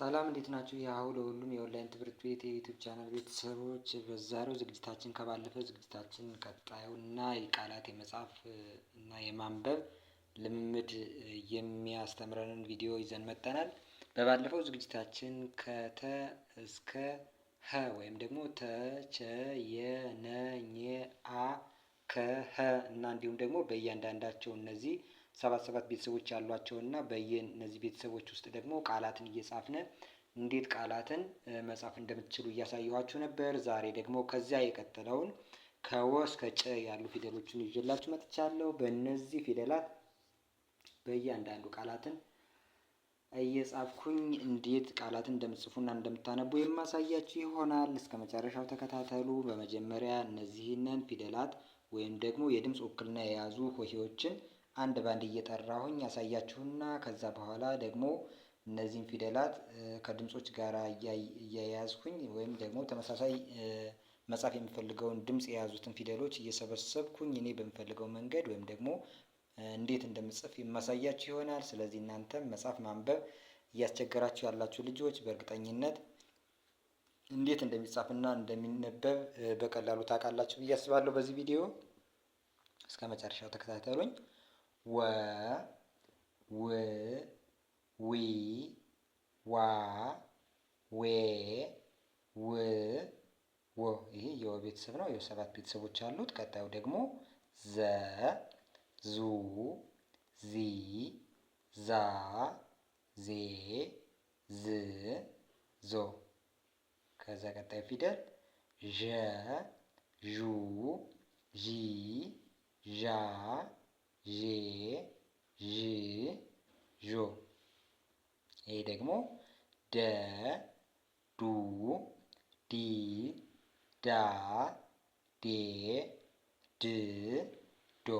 ሰላም እንዴት ናችሁ? የሀሁ ለሁሉም የኦንላይን ትምህርት ቤት የዩቱብ ቻናል ቤተሰቦች በዛሬው ዝግጅታችን ከባለፈ ዝግጅታችን ቀጣዩ እና የቃላት የመጻፍ እና የማንበብ ልምምድ የሚያስተምረንን ቪዲዮ ይዘን መጠናል። በባለፈው ዝግጅታችን ከተ እስከ ሀ ወይም ደግሞ ተ፣ ቸ፣ የ፣ ነ፣ ኘ፣ አ፣ ከ፣ ሀ እና እንዲሁም ደግሞ በእያንዳንዳቸው እነዚህ ሰባት ሰባት ቤተሰቦች ያሏቸውና በየእነዚህ ቤተሰቦች ውስጥ ደግሞ ቃላትን እየጻፍነ እንዴት ቃላትን መጻፍ እንደምትችሉ እያሳየኋችሁ ነበር። ዛሬ ደግሞ ከዚያ የቀጠለውን ከወ እስከ ጨ ያሉ ፊደሎችን ይዤላችሁ መጥቻለሁ። በእነዚህ ፊደላት በእያንዳንዱ ቃላትን እየጻፍኩኝ እንዴት ቃላትን እንደምትጽፉና እንደምታነቡ የማሳያችሁ ይሆናል። እስከ መጨረሻው ተከታተሉ። በመጀመሪያ እነዚህንን ፊደላት ወይም ደግሞ የድምፅ ውክልና የያዙ ሆሄዎችን አንድ ባንድ እየጠራሁኝ ያሳያችሁና ከዛ በኋላ ደግሞ እነዚህን ፊደላት ከድምጾች ጋር እያያዝኩኝ ወይም ደግሞ ተመሳሳይ መጻፍ የምፈልገውን ድምፅ የያዙትን ፊደሎች እየሰበሰብኩኝ እኔ በምፈልገው መንገድ ወይም ደግሞ እንዴት እንደምጽፍ የማሳያችሁ ይሆናል። ስለዚህ እናንተም መጻፍ ማንበብ እያስቸገራችሁ ያላችሁ ልጆች በእርግጠኝነት እንዴት እንደሚጻፍና እንደሚነበብ በቀላሉ ታውቃላችሁ ብዬ አስባለሁ። በዚህ ቪዲዮ እስከ መጨረሻው ተከታተሉኝ። ወ ው ዊ ዋ ዌ ው ወ ይሄ የወ ቤተሰብ ነው። የወ ሰባት ቤተሰቦች አሉት። ቀጣዩ ደግሞ ዘ ዙ ዚ ዛ ዜ ዝ ዞ ከዛ ቀጣዩ ፊደል ዠ ዡ ዢ ዣ ዤ ዥ ዦ። ይሄ ደግሞ ደ ዱ ዲ ዳ ዴ ድ ዶ።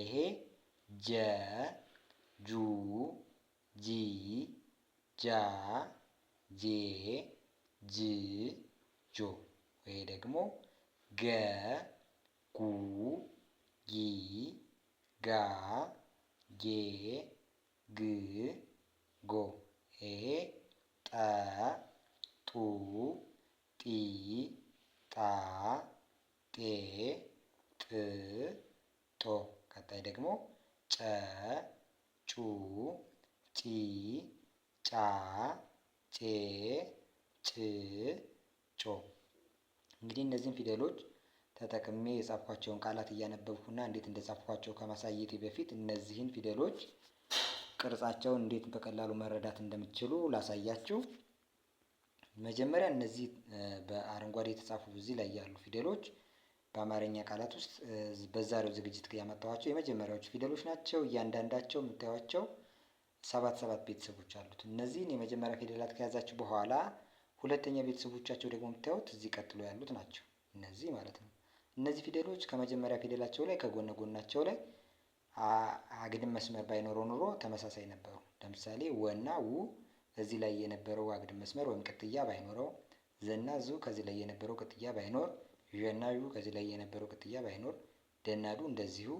ይሄ ጀ ጁ ጂ ጃ ጄ ጅ ጆ። ይሄ ደግሞ ገ ጉ ጊ ጋ ጌ ግ ጎ ኤ ጠ ጡ ጢ ጣ ጤ ጥ ጦ ቀጣይ ደግሞ ጨ ጩ ጪ ጫ ጬ ጭ ጮ እንግዲህ እነዚህን ፊደሎች ተጠቅሜ የጻፍኳቸውን ቃላት እያነበብኩና እንዴት እንደጻፍኳቸው ከማሳየቴ በፊት እነዚህን ፊደሎች ቅርጻቸውን እንዴት በቀላሉ መረዳት እንደምትችሉ ላሳያችሁ። መጀመሪያ እነዚህ በአረንጓዴ የተጻፉ እዚህ ላይ ያሉ ፊደሎች በአማርኛ ቃላት ውስጥ በዛሬው ዝግጅት ያመጣኋቸው የመጀመሪያዎቹ ፊደሎች ናቸው። እያንዳንዳቸው የምታዩቸው ሰባት ሰባት ቤተሰቦች አሉት። እነዚህን የመጀመሪያ ፊደላት ከያዛችሁ በኋላ ሁለተኛ ቤተሰቦቻቸው ደግሞ የምታዩት እዚህ ቀጥሎ ያሉት ናቸው። እነዚህ ማለት ነው። እነዚህ ፊደሎች ከመጀመሪያ ፊደላቸው ላይ ከጎነ ጎናቸው ላይ አግድም መስመር ባይኖረው ኑሮ ተመሳሳይ ነበሩ። ለምሳሌ ወና ው እዚህ ላይ የነበረው አግድም መስመር ወይም ቅጥያ ባይኖረው፣ ዘና ዙ ከዚህ ላይ የነበረው ቅጥያ ባይኖር፣ ዠና ዡ ከዚህ ላይ የነበረው ቅጥያ ባይኖር፣ ደናዱ እንደዚሁ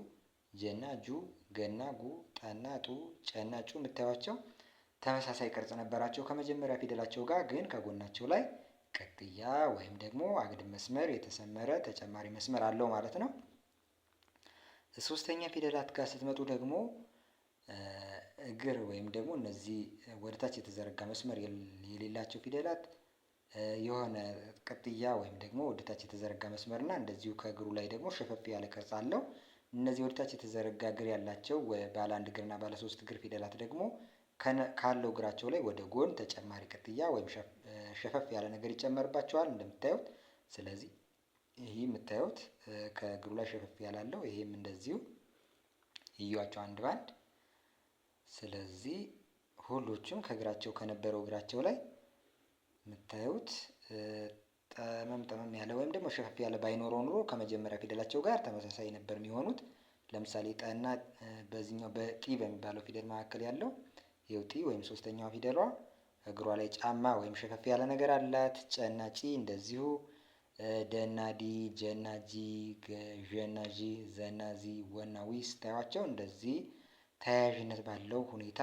ጀና ጁ፣ ገና ጉ፣ ጠና ጡ፣ ጨና ጩ የምታዩቸው ተመሳሳይ ቅርጽ ነበራቸው ከመጀመሪያ ፊደላቸው ጋር ግን ከጎናቸው ላይ ቀጥያ ወይም ደግሞ አግድም መስመር የተሰመረ ተጨማሪ መስመር አለው ማለት ነው። ሶስተኛ ፊደላት ጋር ስትመጡ ደግሞ እግር ወይም ደግሞ እነዚህ ወደታች የተዘረጋ መስመር የሌላቸው ፊደላት የሆነ ቅጥያ ወይም ደግሞ ወደታች የተዘረጋ መስመር እና እንደዚሁ ከእግሩ ላይ ደግሞ ሸፈፍ ያለ ቅርጽ አለው። እነዚህ ወደታች የተዘረጋ እግር ያላቸው ባለ አንድ እግርና ባለ ሶስት እግር ፊደላት ደግሞ ካለው እግራቸው ላይ ወደ ጎን ተጨማሪ ቅጥያ ወይም ሸፈፍ ያለ ነገር ይጨመርባቸዋል እንደምታዩት። ስለዚህ ይህ የምታዩት ከእግሩ ላይ ሸፈፍ ያላለው ይህም እንደዚሁ እዩዋቸው አንድ ባንድ። ስለዚህ ሁሎቹም ከእግራቸው ከነበረው እግራቸው ላይ የምታዩት ጠመም ጠመም ያለ ወይም ደግሞ ሸፈፍ ያለ ባይኖረው ኑሮ ከመጀመሪያ ፊደላቸው ጋር ተመሳሳይ ነበር የሚሆኑት። ለምሳሌ ጠና በዚህኛው በጢ በሚባለው ፊደል መካከል ያለው ይኸው ጢ ወይም ሶስተኛዋ ፊደሏ እግሯ ላይ ጫማ ወይም ሸከፍ ያለ ነገር አላት። ጨና ጪ እንደዚሁ ደና ዲ፣ ጀና ጂ፣ ዠና ዢ፣ ዘና ዚ፣ ወና ዊ ስታዩቸው እንደዚህ ተያያዥነት ባለው ሁኔታ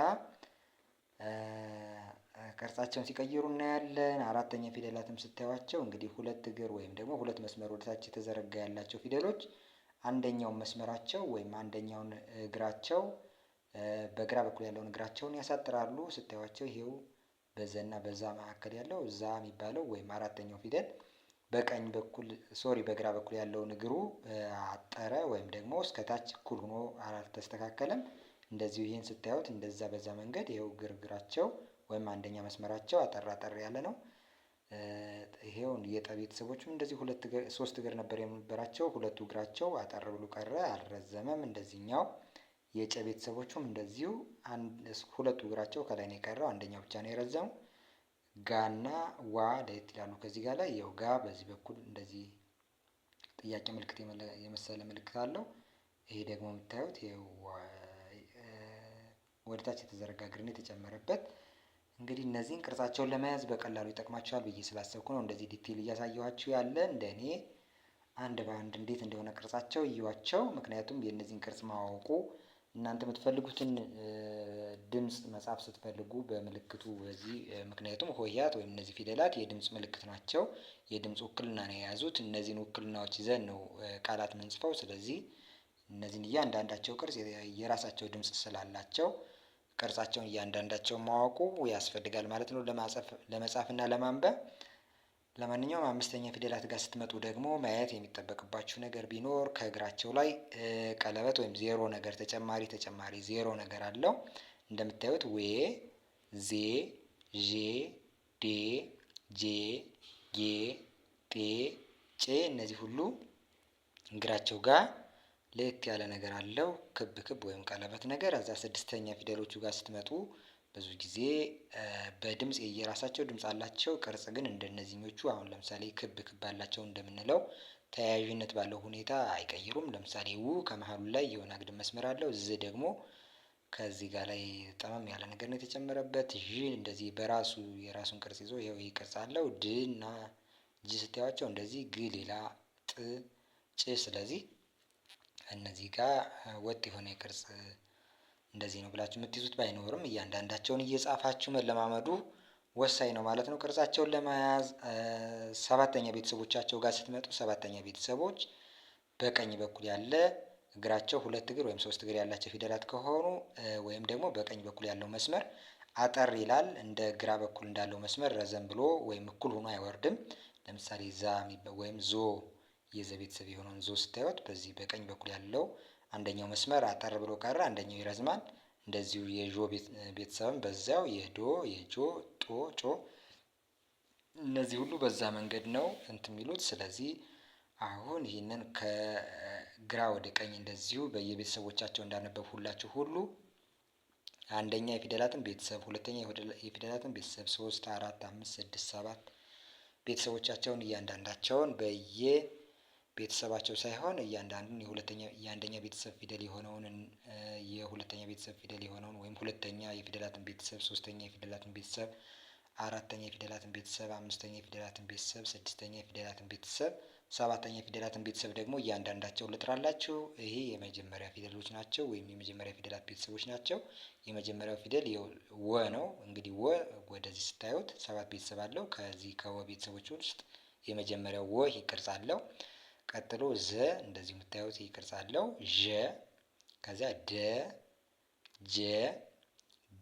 ቅርጻቸውን ሲቀይሩ እናያለን። አራተኛ ፊደላትም ስታዩቸው እንግዲህ ሁለት እግር ወይም ደግሞ ሁለት መስመር ወደታች የተዘረጋ ያላቸው ፊደሎች አንደኛውን መስመራቸው ወይም አንደኛውን እግራቸው በግራ በኩል ያለውን እግራቸውን ያሳጥራሉ። ስታዩቸው ይሄው እና በዛ መካከል ያለው ዛ የሚባለው ወይም አራተኛው ፊደል በቀኝ በኩል ሶሪ በግራ በኩል ያለውን እግሩ አጠረ ወይም ደግሞ እስከታች እኩል ሆኖ አልተስተካከለም። እንደዚሁ ይህን ስታዩት እንደዛ በዛ መንገድ ይኸው ግርግራቸው ወይም አንደኛ መስመራቸው አጠር አጠር ያለ ነው። ይሄውን የጠ ቤተሰቦችም እንደዚህ ሁለት ሶስት እግር ነበር የነበራቸው። ሁለቱ እግራቸው አጠር ብሎ ቀረ፣ አልረዘመም እንደዚህኛው የጨ ቤተሰቦቹም እንደዚሁ ሁለቱ እግራቸው ከላይ ነው የቀረው፣ አንደኛው ብቻ ነው የረዛው። ጋና ዋ ለየት ይላሉ። ከዚህ ጋር ላይ ያው ጋ በዚህ በኩል እንደዚህ ጥያቄ ምልክት የመሰለ ምልክት አለው። ይሄ ደግሞ የምታዩት ወደታች የተዘረጋ እግርን የተጨመረበት። እንግዲህ እነዚህን ቅርጻቸውን ለመያዝ በቀላሉ ይጠቅማቸዋል ብዬ ስላሰብኩ ነው እንደዚህ ዲቴል እያሳየኋችሁ ያለ እንደ እኔ አንድ በአንድ እንዴት እንደሆነ ቅርጻቸው እዩዋቸው። ምክንያቱም የእነዚህን ቅርጽ ማወቁ እናንተ የምትፈልጉትን ድምፅ መጻፍ ስትፈልጉ በምልክቱ በዚህ ምክንያቱም ሆሄያት ወይም እነዚህ ፊደላት የድምፅ ምልክት ናቸው። የድምፅ ውክልና ነው የያዙት። እነዚህን ውክልናዎች ይዘን ነው ቃላት ምንጽፈው። ስለዚህ እነዚህን እያንዳንዳቸው ቅርጽ የራሳቸው ድምፅ ስላላቸው ቅርጻቸውን እያንዳንዳቸው ማወቁ ያስፈልጋል ማለት ነው ለመጻፍና ለማንበብ ለማንኛውም አምስተኛ ፊደላት ጋር ስትመጡ ደግሞ ማየት የሚጠበቅባችሁ ነገር ቢኖር ከእግራቸው ላይ ቀለበት ወይም ዜሮ ነገር ተጨማሪ ተጨማሪ ዜሮ ነገር አለው። እንደምታዩት ዌ፣ ዜ፣ ዤ፣ ዴ፣ ጄ፣ ጌ፣ ጤ፣ ጬ እነዚህ ሁሉ እግራቸው ጋር ለየት ያለ ነገር አለው። ክብ ክብ ወይም ቀለበት ነገር እዛ ስድስተኛ ፊደሎቹ ጋር ስትመጡ ብዙ ጊዜ በድምጽ የየራሳቸው ድምፅ አላቸው ቅርጽ ግን እንደነዚህኞቹ አሁን ለምሳሌ ክብ ክብ አላቸው እንደምንለው ተያያዥነት ባለው ሁኔታ አይቀይሩም። ለምሳሌ ው ከመሃሉ ላይ የሆነ አግድም መስመር አለው። ዝ ደግሞ ከዚህ ጋር ላይ ጠመም ያለ ነገር ነው የተጨመረበት። ዥ እንደዚህ በራሱ የራሱን ቅርጽ ይዞ ይህ ቅርጽ አለው። ድ እና ጅ ስታያቸው እንደዚህ ግ ሌላ ጥ ጭ ስለዚህ እነዚህ ጋር ወጥ የሆነ የቅርጽ እንደዚህ ነው ብላችሁ የምትይዙት ባይኖርም እያንዳንዳቸውን እየጻፋችሁ መለማመዱ ወሳኝ ነው ማለት ነው። ቅርጻቸውን ለመያዝ ሰባተኛ ቤተሰቦቻቸው ጋር ስትመጡ ሰባተኛ ቤተሰቦች በቀኝ በኩል ያለ እግራቸው ሁለት እግር ወይም ሶስት እግር ያላቸው ፊደላት ከሆኑ ወይም ደግሞ በቀኝ በኩል ያለው መስመር አጠር ይላል። እንደ ግራ በኩል እንዳለው መስመር ረዘም ብሎ ወይም እኩል ሆኖ አይወርድም። ለምሳሌ ዛ ወይም ዞ የዘ ቤተሰብ የሆነውን ዞ ስታዩት በዚህ በቀኝ በኩል ያለው አንደኛው መስመር አጠር ብሎ ቀረ፣ አንደኛው ይረዝማል። እንደዚሁ የዦ ቤተሰብም በዛው የዶ የጆ ጦ ጮ እነዚህ ሁሉ በዛ መንገድ ነው እንትን የሚሉት። ስለዚህ አሁን ይህንን ከግራ ወደ ቀኝ እንደዚሁ በየቤተሰቦቻቸው እንዳነበብ ሁላችሁ ሁሉ አንደኛ የፊደላትን ቤተሰብ፣ ሁለተኛ የፊደላትን ቤተሰብ፣ ሶስት፣ አራት፣ አምስት፣ ስድስት፣ ሰባት ቤተሰቦቻቸውን እያንዳንዳቸውን በየ ቤተሰባቸው ሳይሆን እያንዳንዱን የሁለተኛ የአንደኛ ቤተሰብ ፊደል የሆነውን የሁለተኛ ቤተሰብ ፊደል የሆነውን ወይም ሁለተኛ የፊደላትን ቤተሰብ ሶስተኛ የፊደላትን ቤተሰብ አራተኛ የፊደላትን ቤተሰብ አምስተኛ የፊደላትን ቤተሰብ ስድስተኛ የፊደላትን ቤተሰብ ሰባተኛ የፊደላትን ቤተሰብ ደግሞ እያንዳንዳቸው ልጥራላችሁ። ይሄ የመጀመሪያ ፊደሎች ናቸው ወይም የመጀመሪያ ፊደላት ቤተሰቦች ናቸው። የመጀመሪያው ፊደል ወ ነው። እንግዲህ ወ ወደዚህ ስታዩት ሰባት ቤተሰብ አለው። ከዚህ ከወ ቤተሰቦች ውስጥ የመጀመሪያው ወ ይቅርጻለው። አለው። ቀጥሎ ዘ እንደዚህ የምታዩት ይቅርጽ አለው። ዠ ከዚያ ደ ጀ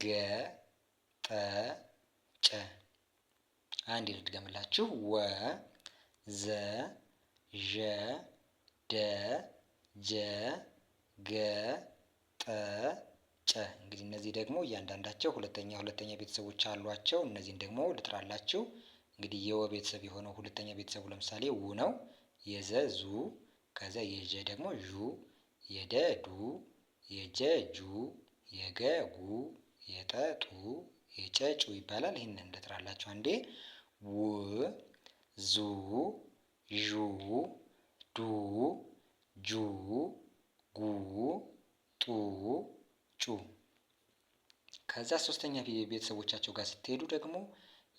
ገ ጠ ጨ። አንድ ልድገምላችሁ። ወ ዘ ዠ ደ ጀ ገ ጠ ጨ። እንግዲህ እነዚህ ደግሞ እያንዳንዳቸው ሁለተኛ ሁለተኛ ቤተሰቦች አሏቸው። እነዚህን ደግሞ ልጥራላችሁ። እንግዲህ የወ ቤተሰብ የሆነው ሁለተኛ ቤተሰቡ ለምሳሌ ው ነው። የዘዙ ከዛ የጀ ደግሞ ዡ የደዱ የጀጁ የጀ የጠጡ የጨጩ ይባላል። ይህንን እንደጥራላችሁ አንዴ ው ዙ ዡ ዱ ጁ ጉ ጡ ጩ ከዛ ሶስተኛ ቤተሰቦቻቸው ጋር ስትሄዱ ደግሞ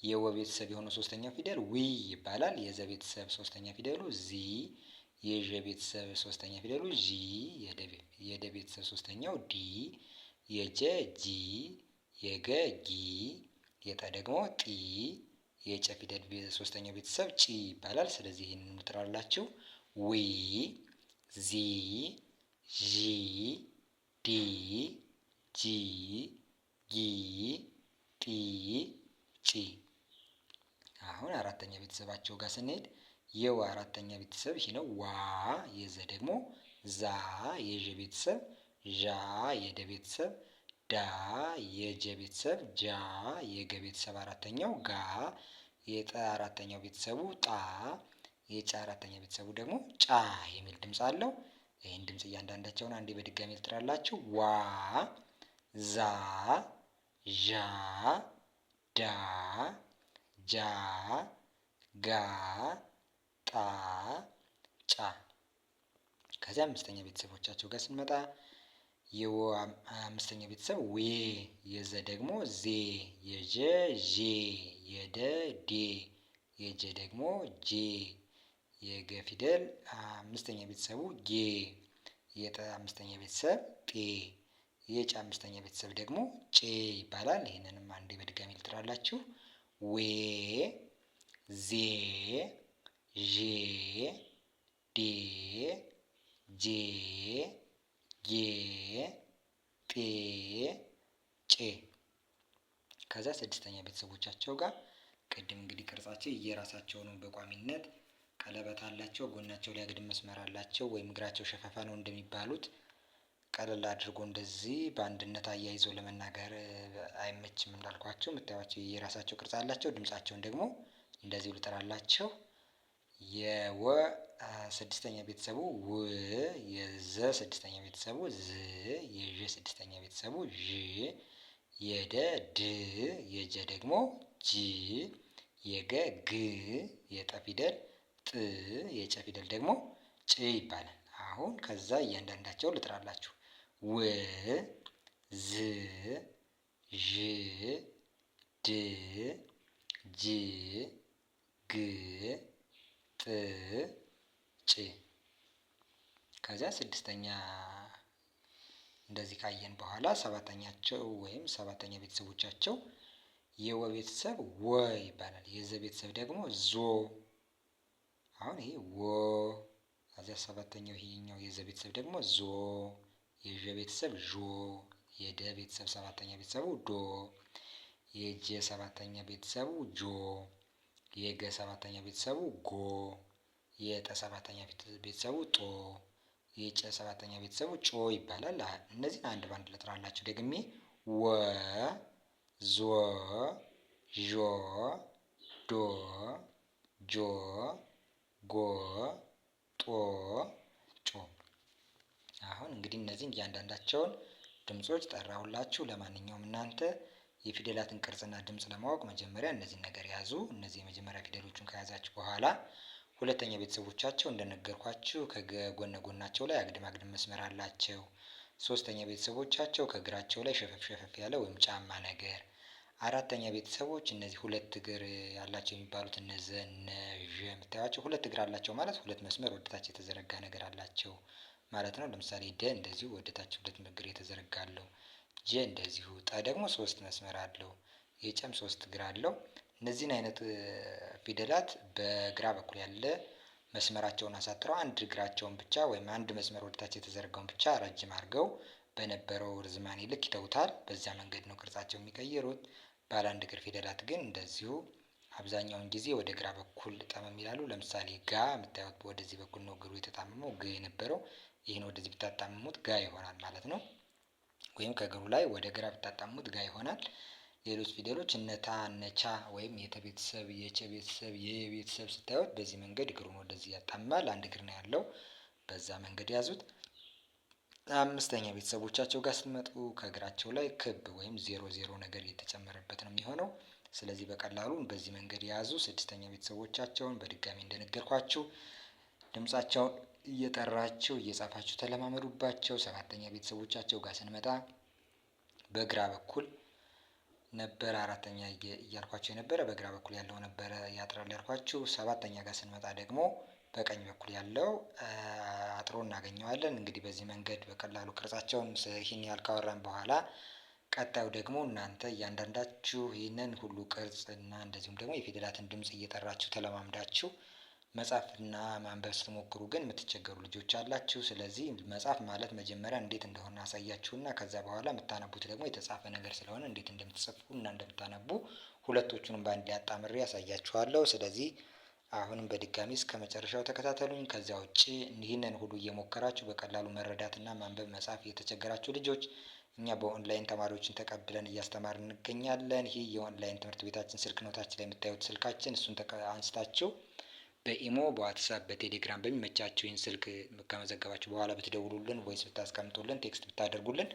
የወ ቤተሰብ የሆነው ሶስተኛው ፊደል ዊ ይባላል። የዘ ቤተሰብ ሶስተኛ ፊደሉ ዚ፣ የዠ ቤተሰብ ሶስተኛ ፊደሉ ዢ፣ የደ ቤተሰብ ሶስተኛው ዲ፣ የጀ ጂ፣ የገ ጊ፣ የጠ ደግሞ ጢ፣ የጨ ፊደል ሶስተኛው ቤተሰብ ጪ ይባላል። ስለዚህ ይህንን ሙጥራላችሁ ዊ፣ ዚ፣ ዢ፣ ዲ፣ ጂ፣ ጊ፣ ጢ፣ ጪ አሁን አራተኛ ቤተሰባቸው ጋር ስንሄድ የው አራተኛ ቤተሰብ ይሄ ነው። ዋ የዘ ደግሞ ዛ የዠ ቤተሰብ ዣ የደ ቤተሰብ ዳ የጀ ቤተሰብ ጃ የገ ቤተሰብ አራተኛው ጋ የጠ አራተኛው ቤተሰቡ ጣ የጨ አራተኛ ቤተሰቡ ደግሞ ጫ የሚል ድምፅ አለው። ይህን ድምፅ እያንዳንዳቸውን አንዴ በድጋሚ ልጥራላችሁ። ዋ ዛ ዣ ዳ ጃ ጋ ጣ ጫ ከዚያ አምስተኛ ቤተሰቦቻቸው ጋር ስንመጣ የወ አምስተኛ ቤተሰብ ዌ የዘ ደግሞ ዜ የጀ ዤ የደ ዴ የጀ ደግሞ ጄ የገ ፊደል አምስተኛ ቤተሰቡ ጌ የጠ አምስተኛ ቤተሰብ ጤ የጨ አምስተኛ ቤተሰብ ደግሞ ጬ ይባላል። ይህንንም አንዴ በድጋሚ ልጥራላችሁ። ዌ ዜ ዤ ዴ ጄ ጌ ጤ ጬ ከዛ ስድስተኛ ቤተሰቦቻቸው ጋር ቅድም እንግዲህ ቅርጻቸው የራሳቸው ነው በቋሚነት ቀለበት አላቸው። ጎናቸው ላይ አግድም መስመር አላቸው ወይም እግራቸው ሸፋፋ ነው እንደሚባሉት ቀለል አድርጎ እንደዚህ በአንድነት አያይዞ ለመናገር አይመችም እንዳልኳቸው የምታዩቸው የራሳቸው ቅርጽ አላቸው። ድምፃቸውን ደግሞ እንደዚህ ልጠራ የወ ስድስተኛ ቤተሰቡ ው፣ የዘ ስድስተኛ ቤተሰቡ ዝ፣ የዥ ስድስተኛ ቤተሰቡ ዥ፣ የደ ድ፣ የጀ ደግሞ ጅ፣ የገ ግ፣ የጠ ፊደል ጥ፣ የጨ ፊደል ደግሞ ጭ ይባላል። አሁን ከዛ እያንዳንዳቸው ልጥራላችሁ። ው ዝ ዥ ድ ጅ ግ ጥ ጭ ከዚያ ስድስተኛ እንደዚህ ካየን በኋላ ሰባተኛቸው ወይም ሰባተኛ ቤተሰቦቻቸው የወ ቤተሰብ ወ ይባላል። የዘ ቤተሰብ ደግሞ ዞ። አሁን ይሄ ወ ከዚያ ሰባተኛው ይሄኛው የዘ ቤተሰብ ደግሞ ዞ የዠ ቤተሰብ ዦ፣ የደ ቤተሰብ ሰባተኛ ቤተሰቡ ዶ፣ የጀ ሰባተኛ ቤተሰቡ ጆ፣ የገ ሰባተኛ ቤተሰቡ ጎ፣ የጠ ሰባተኛ ቤተሰቡ ጦ፣ የጨ ሰባተኛ ቤተሰቡ ጮ ይባላል። እነዚህን አንድ በአንድ ልጥራላችሁ ደግሜ ወ ዞ ዦ ዶ ጆ ጎ ጦ ጮ አሁን እንግዲህ እነዚህን እያንዳንዳቸውን ድምጾች ጠራሁላችሁ። ለማንኛውም እናንተ የፊደላትን ቅርጽና ድምጽ ለማወቅ መጀመሪያ እነዚህን ነገር ያዙ። እነዚህ የመጀመሪያ ፊደሎቹን ከያዛችሁ በኋላ ሁለተኛ ቤተሰቦቻቸው እንደነገርኳችሁ ከጎነ ጎናቸው ላይ አግድም አግድም መስመር አላቸው። ሶስተኛ ቤተሰቦቻቸው ከእግራቸው ላይ ሸፈፍ ሸፈፍ ያለ ወይም ጫማ ነገር። አራተኛ ቤተሰቦች እነዚህ ሁለት እግር ያላቸው የሚባሉት እነዘ እነ ሁለት እግር አላቸው ማለት ሁለት መስመር ወደታች የተዘረጋ ነገር አላቸው። ማለት ነው። ለምሳሌ ደ እንደዚሁ ወደታች ሁለት እግር የተዘረጋ አለው። ጀ እንደዚሁ ጠ ደግሞ ሶስት መስመር አለው። የጨም ሶስት እግር አለው። እነዚህን አይነት ፊደላት በግራ በኩል ያለ መስመራቸውን አሳጥረው አንድ እግራቸውን ብቻ ወይም አንድ መስመር ወደታች የተዘረጋውን ብቻ ረጅም አድርገው በነበረው ርዝማኔ ልክ ይተውታል። በዚያ መንገድ ነው ቅርጻቸው የሚቀይሩት። ባለ አንድ እግር ፊደላት ግን እንደዚሁ አብዛኛውን ጊዜ ወደ ግራ በኩል ጠመም ይላሉ። ለምሳሌ ጋ የምታዩት ወደዚህ በኩል ነው እግሩ የተጣመመው ግ የነበረው ይህን ወደዚህ ብታጣምሙት ጋ ይሆናል ማለት ነው። ወይም ከእግሩ ላይ ወደ ግራ ብታጣምሙት ጋ ይሆናል። ሌሎች ፊደሎች እነታ እነቻ ወይም የተ ቤተሰብ የቸ ቤተሰብ የቤተሰብ ስታዩት በዚህ መንገድ እግሩን ወደዚህ ያጣምማል። አንድ እግር ነው ያለው። በዛ መንገድ ያዙት። አምስተኛ ቤተሰቦቻቸው ጋር ስትመጡ ከእግራቸው ላይ ክብ ወይም ዜሮ ዜሮ ነገር የተጨመረበት ነው የሚሆነው። ስለዚህ በቀላሉ በዚህ መንገድ የያዙ ስድስተኛ ቤተሰቦቻቸውን በድጋሚ እንደነገርኳችሁ ድምጻቸውን እየጠራቸው እየጻፋችሁ ተለማመዱባቸው። ሰባተኛ ቤተሰቦቻቸው ጋር ስንመጣ በግራ በኩል ነበረ አራተኛ እያልኳቸው የነበረ በግራ በኩል ያለው ነበረ ያጥራል ያልኳችሁ። ሰባተኛ ጋር ስንመጣ ደግሞ በቀኝ በኩል ያለው አጥሮ እናገኘዋለን። እንግዲህ በዚህ መንገድ በቀላሉ ቅርጻቸውን ይህን ያህል ካወራን በኋላ ቀጣዩ ደግሞ እናንተ እያንዳንዳችሁ ይህንን ሁሉ ቅርጽ እና እንደዚሁም ደግሞ የፊደላትን ድምፅ እየጠራችሁ ተለማምዳችሁ መጻፍና ማንበብ ስትሞክሩ ግን የምትቸገሩ ልጆች አላችሁ። ስለዚህ መጻፍ ማለት መጀመሪያ እንዴት እንደሆነ አሳያችሁና ከዛ በኋላ የምታነቡት ደግሞ የተጻፈ ነገር ስለሆነ እንዴት እንደምትጽፉ እና እንደምታነቡ ሁለቶቹንም በአንድ አጣምሬ ያሳያችኋለሁ። ስለዚህ አሁንም በድጋሚ እስከ መጨረሻው ተከታተሉኝ። ከዚያ ውጭ ይህንን ሁሉ እየሞከራችሁ በቀላሉ መረዳትና ማንበብ መጻፍ የተቸገራችሁ ልጆች እኛ በኦንላይን ተማሪዎችን ተቀብለን እያስተማርን እንገኛለን። ይህ የኦንላይን ትምህርት ቤታችን ስልክ ኖታችን ላይ የምታዩት ስልካችን እሱን አንስታችሁ በኢሞ በዋትሳፕ በቴሌግራም በሚመቻቸው ይህን ስልክ ከመዘገባችሁ በኋላ ብትደውሉልን፣ ወይስ ብታስቀምጡልን፣ ቴክስት ብታደርጉልን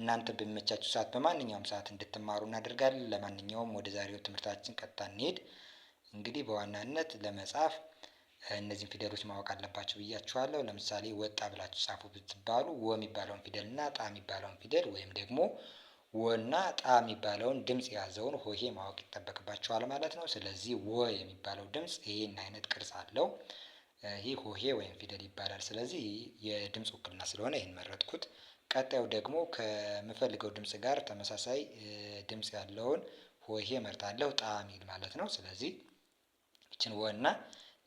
እናንተ በሚመቻችሁ ሰዓት በማንኛውም ሰዓት እንድትማሩ እናደርጋለን። ለማንኛውም ወደ ዛሬው ትምህርታችን ቀጥታ እንሄድ። እንግዲህ በዋናነት ለመጻፍ እነዚህን ፊደሎች ማወቅ አለባቸው ብያችኋለሁ። ለምሳሌ ወጣ ብላችሁ ጻፉ ብትባሉ ወ የሚባለውን ፊደል እና ጣ የሚባለውን ፊደል ወይም ደግሞ ወና ጣ የሚባለውን ድምፅ የያዘውን ሆሄ ማወቅ ይጠበቅባቸዋል ማለት ነው። ስለዚህ ወ የሚባለው ድምፅ ይህን አይነት ቅርጽ አለው። ይህ ሆሄ ወይም ፊደል ይባላል። ስለዚህ የድምፅ ውክልና ስለሆነ ይህን መረጥኩት። ቀጣዩ ደግሞ ከምፈልገው ድምፅ ጋር ተመሳሳይ ድምፅ ያለውን ሆሄ መርጣለሁ። ጣ ሚል ማለት ነው። ስለዚህ ይችን ወና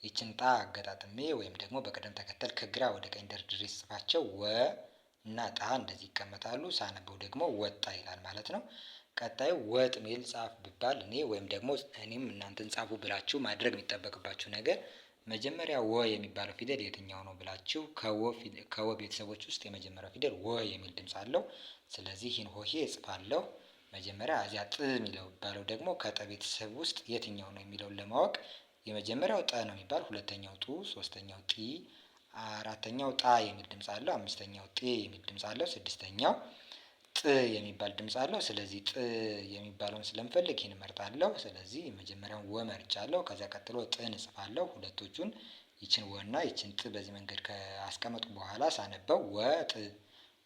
ይችን ጣ አገጣጥሜ ወይም ደግሞ በቅደም ተከተል ከግራ ወደ ቀኝ ደርድሬ ስጽፋቸው ወ እና ጣ እንደዚህ ይቀመጣሉ። ሳነበው ደግሞ ወጣ ይላል ማለት ነው። ቀጣዩ ወጥ ሚል ጻፍ ብባል እኔ ወይም ደግሞ እኔም እናንተን ጻፉ ብላችሁ ማድረግ የሚጠበቅባችሁ ነገር መጀመሪያ ወ የሚባለው ፊደል የትኛው ነው ብላችሁ ከወ ቤተሰቦች ውስጥ የመጀመሪያው ፊደል ወ የሚል ድምፅ አለው። ስለዚህ ይህን ሆሄ እጽፋለሁ። መጀመሪያ እዚያ ጥ የሚለው ባለው ደግሞ ከጠ ቤተሰብ ውስጥ የትኛው ነው የሚለውን ለማወቅ የመጀመሪያው ጠ ነው የሚባል፣ ሁለተኛው ጡ፣ ሶስተኛው ጢ አራተኛው ጣ የሚል ድምጽ አለው። አምስተኛው ጤ የሚል ድምጽ አለው። ስድስተኛው ጥ የሚባል ድምጽ አለው። ስለዚህ ጥ የሚባለውን ስለምፈልግ ይህን እመርጣለሁ። ስለዚህ የመጀመሪያውን ወ መርጫለሁ። ከዚያ ቀጥሎ ጥን እጽፋለሁ። ሁለቶቹን ይችን ወና ይችን ጥ በዚህ መንገድ ከአስቀመጥኩ በኋላ ሳነበው ወጥ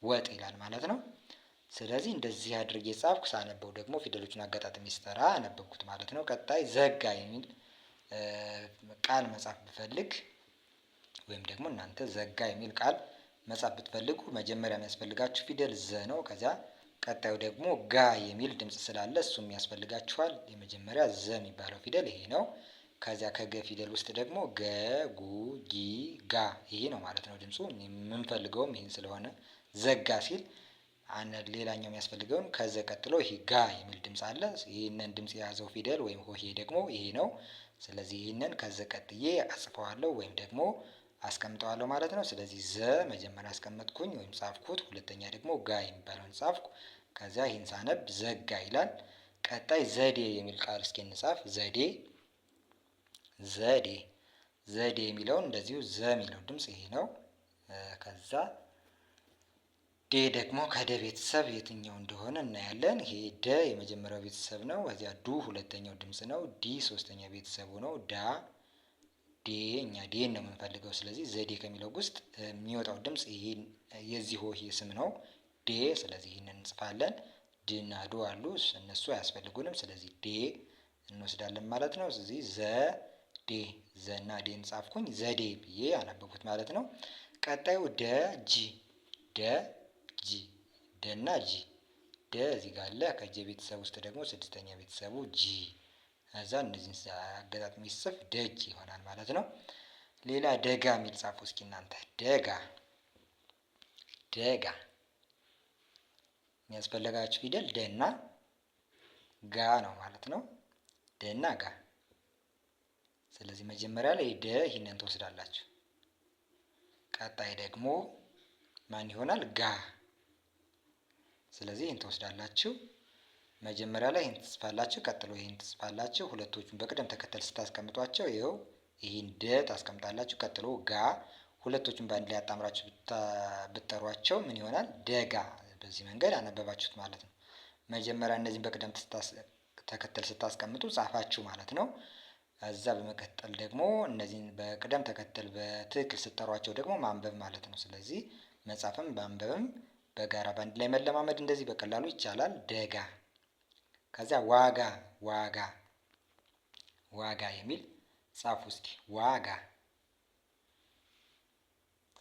ወጥ ይላል ማለት ነው። ስለዚህ እንደዚህ አድርጌ ጻፍኩ። ሳነበው ደግሞ ፊደሎቹን አጋጣሚ ስጠራ አነበብኩት ማለት ነው። ቀጣይ ዘጋ የሚል ቃል መጻፍ ብፈልግ ወይም ደግሞ እናንተ ዘጋ የሚል ቃል መጻፍ ብትፈልጉ መጀመሪያ የሚያስፈልጋችሁ ፊደል ዘ ነው። ከዚያ ቀጣዩ ደግሞ ጋ የሚል ድምፅ ስላለ እሱም ያስፈልጋችኋል። የመጀመሪያ ዘ የሚባለው ፊደል ይሄ ነው። ከዚያ ከገ ፊደል ውስጥ ደግሞ ገ፣ ጉ፣ ጊ፣ ጋ ይሄ ነው ማለት ነው ድምፁ። የምንፈልገውም ይህን ስለሆነ ዘጋ ሲል ሌላኛው የሚያስፈልገውን ከዘ ቀጥሎ ይሄ ጋ የሚል ድምፅ አለ። ይህንን ድምፅ የያዘው ፊደል ወይም ሆሄ ደግሞ ይሄ ነው። ስለዚህ ይህንን ከዘ ቀጥዬ አጽፈዋለሁ ወይም ደግሞ አስቀምጠዋለሁ ማለት ነው። ስለዚህ ዘ መጀመሪያ አስቀመጥኩኝ ወይም ጻፍኩት። ሁለተኛ ደግሞ ጋ የሚባለውን ጻፍኩ። ከዚያ ይህን ሳነብ ዘጋ ይላል። ቀጣይ ዘዴ የሚል ቃል እስኪ እንጻፍ። ዘዴ ዘዴ ዘዴ የሚለውን እንደዚሁ ዘ የሚለው ድምፅ ይሄ ነው። ከዛ ዴ ደግሞ ከደ ቤተሰብ የትኛው እንደሆነ እናያለን። ይሄ ደ የመጀመሪያው ቤተሰብ ነው። ከዚያ ዱ ሁለተኛው ድምፅ ነው። ዲ ሶስተኛ ቤተሰቡ ነው። ዳ ዴ እኛ ዴን ነው የምንፈልገው። ስለዚህ ዘዴ ከሚለው ውስጥ የሚወጣው ድምፅ ይህን የዚህ ሆሄ ስም ነው ዴ። ስለዚህ ይህንን እንጽፋለን። ድና ዱ ዶ አሉ እነሱ አያስፈልጉንም። ስለዚህ ዴ እንወስዳለን ማለት ነው። ስለዚህ ዘ ዴ ዘና ዴ እንጻፍኩኝ ዘዴ ብዬ ያነበብኩት ማለት ነው። ቀጣዩ ደ ጂ ደ ጂ ደና ጂ ደ እዚህ ጋር አለ። ከጀ ቤተሰብ ውስጥ ደግሞ ስድስተኛ ቤተሰቡ ጂ ከዛ እንደዚህ አገጣጥሚ ሲጽፍ ደጅ ይሆናል ማለት ነው። ሌላ ደጋ የሚል ጻፉ እስኪ እናንተ። ደጋ ደጋ የሚያስፈልጋችሁ ፊደል ደና ጋ ነው ማለት ነው። ደና ጋ። ስለዚህ መጀመሪያ ላይ ደ ይህንን ትወስዳላችሁ። ቀጣይ ደግሞ ማን ይሆናል? ጋ። ስለዚህ ይህን ትወስዳላችሁ። መጀመሪያ ላይ ይህን ትጽፋላችሁ፣ ቀጥሎ ይህን ትጽፋላችሁ። ሁለቶቹን በቅደም ተከተል ስታስቀምጧቸው ይኸው ይህን ደ ታስቀምጣላችሁ፣ ቀጥሎ ጋ። ሁለቶቹን በአንድ ላይ አጣምራችሁ ብጠሯቸው ምን ይሆናል? ደጋ። በዚህ መንገድ አነበባችሁት ማለት ነው። መጀመሪያ እነዚህን በቅደም ተከተል ስታስቀምጡ ጻፋችሁ ማለት ነው። እዛ በመቀጠል ደግሞ እነዚህን በቅደም ተከተል በትክክል ስጠሯቸው ደግሞ ማንበብ ማለት ነው። ስለዚህ መጻፍም ማንበብም በጋራ በአንድ ላይ መለማመድ እንደዚህ በቀላሉ ይቻላል። ደጋ ከዚያ ዋጋ ዋጋ ዋጋ የሚል ጻፉ እስኪ ዋጋ።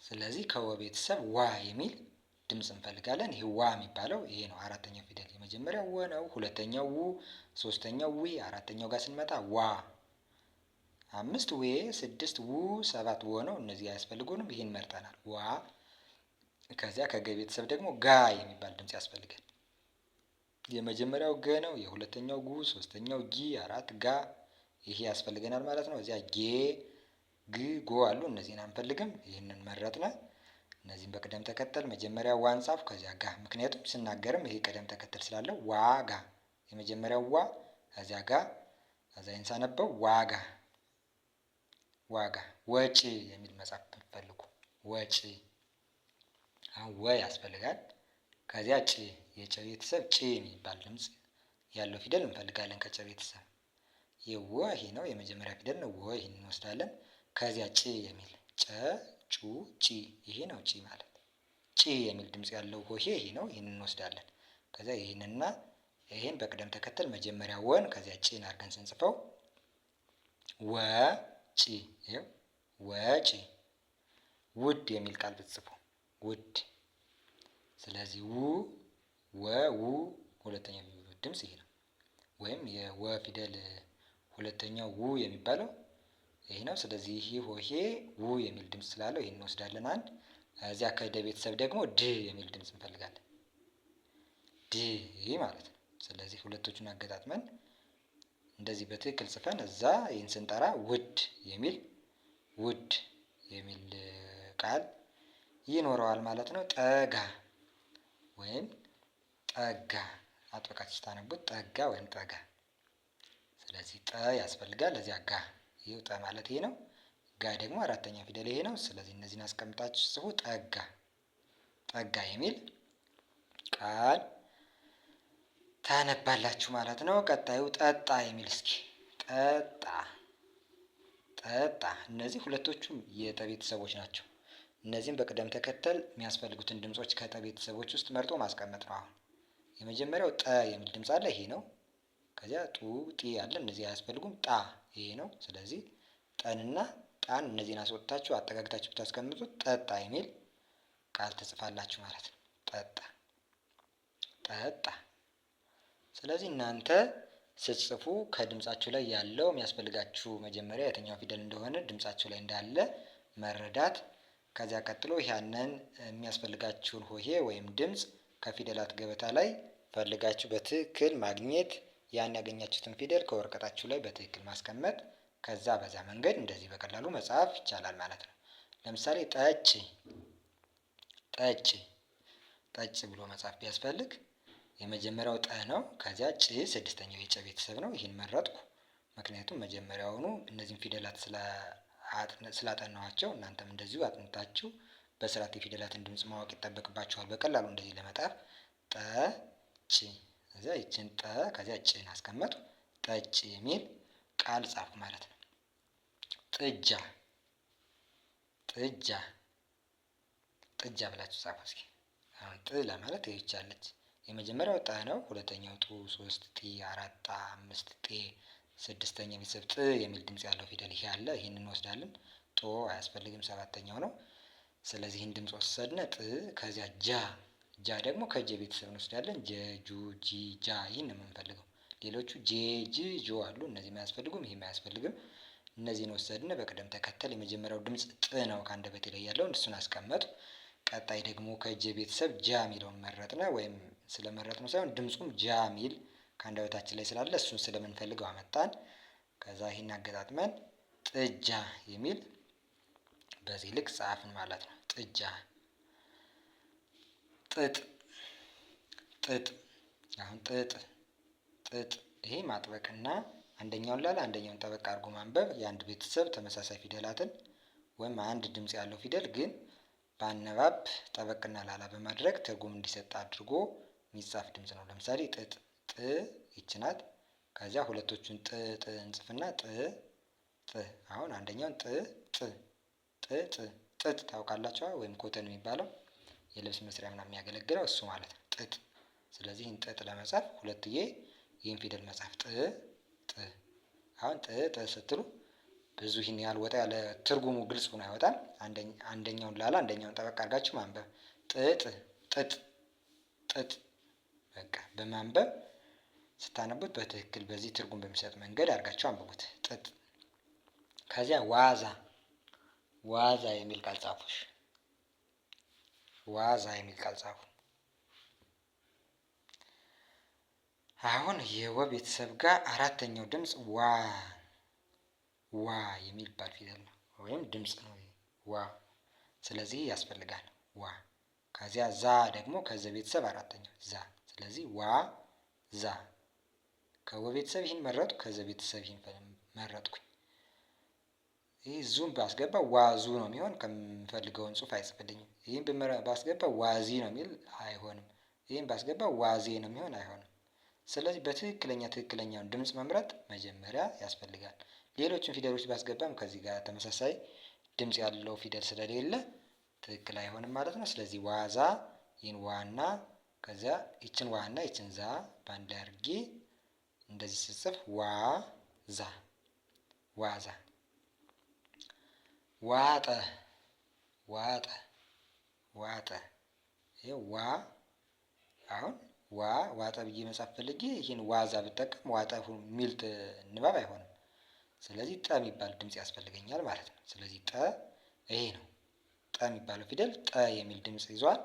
ስለዚህ ከወ ቤተሰብ ዋ የሚል ድምፅ እንፈልጋለን። ይህ ዋ የሚባለው ይሄ ነው። አራተኛው ፊደል የመጀመሪያው ወ ነው። ሁለተኛው ው፣ ሶስተኛው ዊ፣ አራተኛው ጋር ስንመጣ ዋ፣ አምስት ዌ፣ ስድስት ው፣ ሰባት ወ ነው። እነዚህ አያስፈልጉንም። ይህን መርጠናል። ዋ ከዚያ ከገ ቤተሰብ ደግሞ ጋ የሚባል ድምፅ ያስፈልጋል። የመጀመሪያው ገ ነው። የሁለተኛው ጉ፣ ሶስተኛው ጊ፣ አራት ጋ ይሄ ያስፈልገናል ማለት ነው። እዚያ ጌ፣ ግ፣ ጎ አሉ። እነዚህን አንፈልግም። ይህንን መረጥነ። እነዚህን በቅደም ተከተል መጀመሪያ ዋን ጻፍ፣ ከዚያ ጋ። ምክንያቱም ስናገርም ይሄ ቅደም ተከተል ስላለው ዋጋ፣ የመጀመሪያው ዋ፣ ከዚያ ጋ፣ ከዚያ ሳነበው ዋጋ፣ ዋጋ፣ ወጪ የሚል መጻፍ ፈልጉ። ወጪ፣ አሁን ወ ያስፈልጋል። ከዚያ ጭ የጨ ቤተሰብ ጭ የሚባል ድምፅ ያለው ፊደል እንፈልጋለን። ከጨ ቤተሰብ የወ ይሄ ነው የመጀመሪያ ፊደል ነው። ወ ይህን እንወስዳለን። ከዚያ ጭ የሚል ጨ ጩ ጪ ይሄ ነው ጪ ማለት ጪ የሚል ድምፅ ያለው ሆሄ ይሄ ነው። ይህን እንወስዳለን። ከዚያ ይህንና ይህን በቅደም ተከተል መጀመሪያ ወን ከዚያ ጪን አድርገን ስንጽፈው ወ ጪ ይኸው ወ ጪ ውድ የሚል ቃል ብትጽፉ ውድ ስለዚህ ው ወው ሁለተኛ ድምጽ ድምፅ ይሄ ነው። ወይም የወ ፊደል ሁለተኛው ው የሚባለው ይሄ ነው። ስለዚህ ይሄ ሆሄ ው የሚል ድምፅ ስላለው ይሄን እንወስዳለን። አንድ እዚያ ከደ ቤተሰብ ደግሞ ድ የሚል ድምጽ እንፈልጋለን። ድ ማለት ነው። ስለዚህ ሁለቶቹን አገጣጥመን እንደዚህ በትክክል ጽፈን እዛ ይህን ስንጠራ ውድ የሚል ውድ የሚል ቃል ይኖረዋል ማለት ነው። ጠጋ ወይም ጠጋ አጥብቃችሁ ስታነቡት ጠጋ ወይም ጠጋ። ስለዚህ ጠ ያስፈልጋል። ለዚያ ጋ ይህ ጠ ማለት ይሄ ነው። ጋ ደግሞ አራተኛ ፊደል ይሄ ነው። ስለዚህ እነዚህን አስቀምጣችሁ ጽፉ። ጠጋ ጠጋ የሚል ቃል ታነባላችሁ ማለት ነው። ቀጣዩ ጠጣ የሚል እስኪ ጠጣ ጠጣ። እነዚህ ሁለቶቹም የጠ ቤተሰቦች ናቸው። እነዚህም በቅደም ተከተል የሚያስፈልጉትን ድምጾች ከጠ ቤተሰቦች ውስጥ መርጦ ማስቀመጥ ነው አሁን የመጀመሪያው ጠ የሚል ድምፅ አለ፣ ይሄ ነው። ከዚያ ጡ ጢ አለ፣ እነዚህ አያስፈልጉም። ጣ ይሄ ነው። ስለዚህ ጠንና ጣን እነዚህን አስወጥታችሁ አጠጋግታችሁ ብታስቀምጡት ጠጣ የሚል ቃል ትጽፋላችሁ ማለት ነው። ጠጣ ጠጣ። ስለዚህ እናንተ ስትጽፉ ከድምጻችሁ ላይ ያለው የሚያስፈልጋችሁ መጀመሪያ የትኛው ፊደል እንደሆነ ድምጻችሁ ላይ እንዳለ መረዳት፣ ከዚያ ቀጥሎ ያንን የሚያስፈልጋችሁን ሆሄ ወይም ድምፅ ከፊደላት ገበታ ላይ ፈልጋችሁ በትክክል ማግኘት ያን ያገኛችሁትን ፊደል ከወረቀታችሁ ላይ በትክክል ማስቀመጥ ከዛ በዛ መንገድ እንደዚህ በቀላሉ መጻፍ ይቻላል ማለት ነው። ለምሳሌ ጠጭ ጠጭ ጠጭ ብሎ መጻፍ ቢያስፈልግ የመጀመሪያው ጠ ነው። ከዚያ ጭ ስድስተኛው የጨ ቤተሰብ ነው። ይህን መረጥኩ፣ ምክንያቱም መጀመሪያውኑ እነዚህን ፊደላት ስላጠናኋቸው እናንተም እንደዚሁ አጥንታችሁ በስርዓት የፊደላትን ድምፅ ማወቅ ይጠበቅባችኋል። በቀላሉ እንደዚህ ለመጣፍ ጠ ጠጪ ከዚያ ይችን ጠ ከዚያ ጭን አስቀመጡ ጠጭ የሚል ቃል ጻፉ ማለት ነው። ጥጃ ጥጃ ጥጃ ብላችሁ ጻፉ እስኪ። አሁን ጥ ለማለት ይቻለች። የመጀመሪያው ጠ ነው። ሁለተኛው ጡ፣ ሶስት ጢ፣ አራት ጣ፣ አምስት ጤ፣ ስድስተኛ ቤተሰብ ጥ የሚል ድምፅ ያለው ፊደል ይሄ አለ። ይህን እንወስዳለን። ጦ አያስፈልግም፣ ሰባተኛው ነው። ስለዚህ ይህን ድምፅ ወሰድነ ጥ ከዚያ ጃ ጃ ደግሞ ከጄ ቤተሰብ እንወስዳለን። ጀ፣ ጁ፣ ጂ፣ ጃ ይህን ነው የምንፈልገው። ሌሎቹ ጄ፣ ጅ፣ ጆ አሉ። እነዚህ አያስፈልጉም፣ ይህም አያስፈልግም። እነዚህን ወሰድን በቅደም ተከተል። የመጀመሪያው ድምፅ ጥ ነው ከአንደበት ላይ ያለውን እሱን አስቀመጥ። ቀጣይ ደግሞ ከጀ ቤተሰብ ጃ የሚለውን መረጥነ ወይም ስለመረጥነው ሳይሆን ድምፁም ጃ ሚል ከአንደበታችን ላይ ስላለ እሱን ስለምንፈልገው አመጣን። ከዛ ይህን አገጣጥመን ጥጃ የሚል በዚህ ልክ ጻፍን ማለት ነው። ጥጃ ጥጥ ጥጥ አሁን ጥጥ ጥጥ ይሄ ማጥበቅና አንደኛውን ላለ አንደኛውን ጠበቅ አድርጎ ማንበብ የአንድ ቤተሰብ ተመሳሳይ ፊደላትን ወይም አንድ ድምፅ ያለው ፊደል ግን በአነባብ ጠበቅና ላላ በማድረግ ትርጉም እንዲሰጥ አድርጎ የሚጻፍ ድምፅ ነው። ለምሳሌ ጥጥ ጥ ይችናት። ናት። ከዚያ ሁለቶቹን ጥ ጥ እንጽፍና ጥ ጥ አሁን አንደኛውን ጥ ጥ ጥ ጥ ጥጥ ታውቃላችኋ ወይም ኮተን የሚባለው የልብስ መስሪያ ምናምን የሚያገለግለው እሱ ማለት ነው። ጥጥ ስለዚህ ይህን ጥጥ ለመጻፍ ሁለትዬ ይህን ፊደል መጻፍ ጥ ጥ። አሁን ጥ ጥ ስትሉ ብዙ ይህን ያህል ወጣ ያለ ትርጉሙ ግልጽ ሆኖ አይወጣም። አንደኛውን ላላ አንደኛውን ጠበቅ አድርጋችሁ ማንበብ ጥጥ ጥጥ ጥጥ። በቃ በማንበብ ስታነቡት በትክክል በዚህ ትርጉም በሚሰጥ መንገድ አድርጋችሁ አንብቡት። ጥጥ ከዚያ ዋዛ ዋዛ የሚል ቃል ጻፎች ዋዛ የሚል ቃል ጻፉ። አሁን የወ ቤተሰብ ጋር አራተኛው ድምፅ ዋ ዋ የሚባል ፊደል ነው ወይም ድምፅ ነው ዋ። ስለዚህ ያስፈልጋል ዋ። ከዚያ ዛ ደግሞ ከዘ ቤተሰብ አራተኛው ዛ። ስለዚህ ዋ ዛ። ከወ ቤተሰብ ይህን መረጡ፣ ከዘ ቤተሰብ ይህን መረጥኩኝ። ይህ ዙም ባስገባ ዋ ዙ ነው የሚሆን። ከምፈልገውን ጽሁፍ አይጽፍልኝም። ይህን ባስገባ ዋዜ ነው የሚል አይሆንም። ይህን ባስገባ ዋዜ ነው የሚሆን አይሆንም። ስለዚህ በትክክለኛ ትክክለኛውን ድምፅ መምረጥ መጀመሪያ ያስፈልጋል። ሌሎችን ፊደሎች ባስገባም ከዚህ ጋር ተመሳሳይ ድምፅ ያለው ፊደል ስለሌለ ትክክል አይሆንም ማለት ነው። ስለዚህ ዋዛ ይህን ዋና ከዚያ ይችን ዋና ይችን ዛ በአንድ ላይ አድርጌ እንደዚህ ስጽፍ ዋዛ ዋዛ ዋጠ ዋጠ ዋጠ። ይሄ ዋ አሁን ዋ ዋጠ ብዬ መጻፍ ፈልጌ ይህን ዋዛ ብጠቀም ዋጠ የሚል ንባብ አይሆንም። ስለዚህ ጠ የሚባል ድምፅ ያስፈልገኛል ማለት ነው። ስለዚህ ጠ ይሄ ነው። ጠ የሚባለው ፊደል ጠ የሚል ድምፅ ይዟል።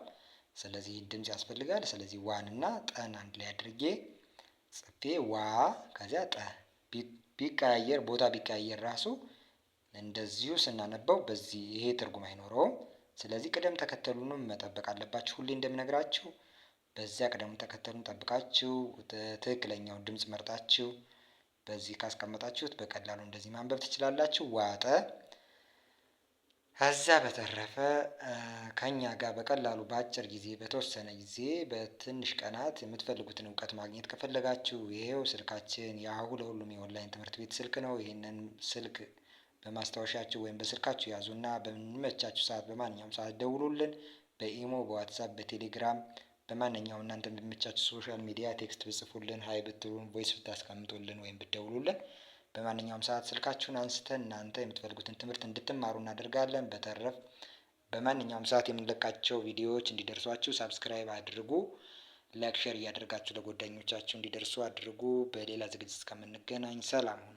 ስለዚህ ድምፅ ያስፈልጋል። ስለዚህ ዋንና ጠን አንድ ላይ አድርጌ ጽፌ ዋ ከዚያ ጠ ቢቀያየር ቦታ ቢቀያየር ራሱ እንደዚሁ ስናነበው በዚህ ይሄ ትርጉም አይኖረውም። ስለዚህ ቅደም ተከተሉንም መጠበቅ አለባችሁ። ሁሌ እንደምነግራችሁ በዚያ ቅደም ተከተሉን ጠብቃችሁ ትክክለኛውን ድምፅ መርጣችሁ በዚህ ካስቀመጣችሁት በቀላሉ እንደዚህ ማንበብ ትችላላችሁ። ዋጠ። ከዛ በተረፈ ከኛ ጋር በቀላሉ በአጭር ጊዜ በተወሰነ ጊዜ በትንሽ ቀናት የምትፈልጉትን እውቀት ማግኘት ከፈለጋችሁ ይሄው ስልካችን የአሁ ለሁሉም የኦንላይን ትምህርት ቤት ስልክ ነው። ይህንን ስልክ በማስታወሻችሁ ወይም በስልካችሁ ያዙ እና በሚመቻችሁ ሰዓት በማንኛውም ሰዓት ደውሉልን። በኢሞ፣ በዋትሳፕ፣ በቴሌግራም በማንኛውም እናንተ በሚመቻችሁ ሶሻል ሚዲያ ቴክስት ብጽፉልን፣ ሀይ ብትሉን፣ ቮይስ ብታስቀምጡልን ወይም ብደውሉልን በማንኛውም ሰዓት ስልካችሁን አንስተን እናንተ የምትፈልጉትን ትምህርት እንድትማሩ እናደርጋለን። በተረፍ በማንኛውም ሰዓት የምንለቃቸው ቪዲዮዎች እንዲደርሷችሁ ሳብስክራይብ አድርጉ። ላይክ ሼር እያደረጋችሁ ለጓደኞቻችሁ እንዲደርሱ አድርጉ። በሌላ ዝግጅት እስከምንገናኝ ሰላም ሁኑ።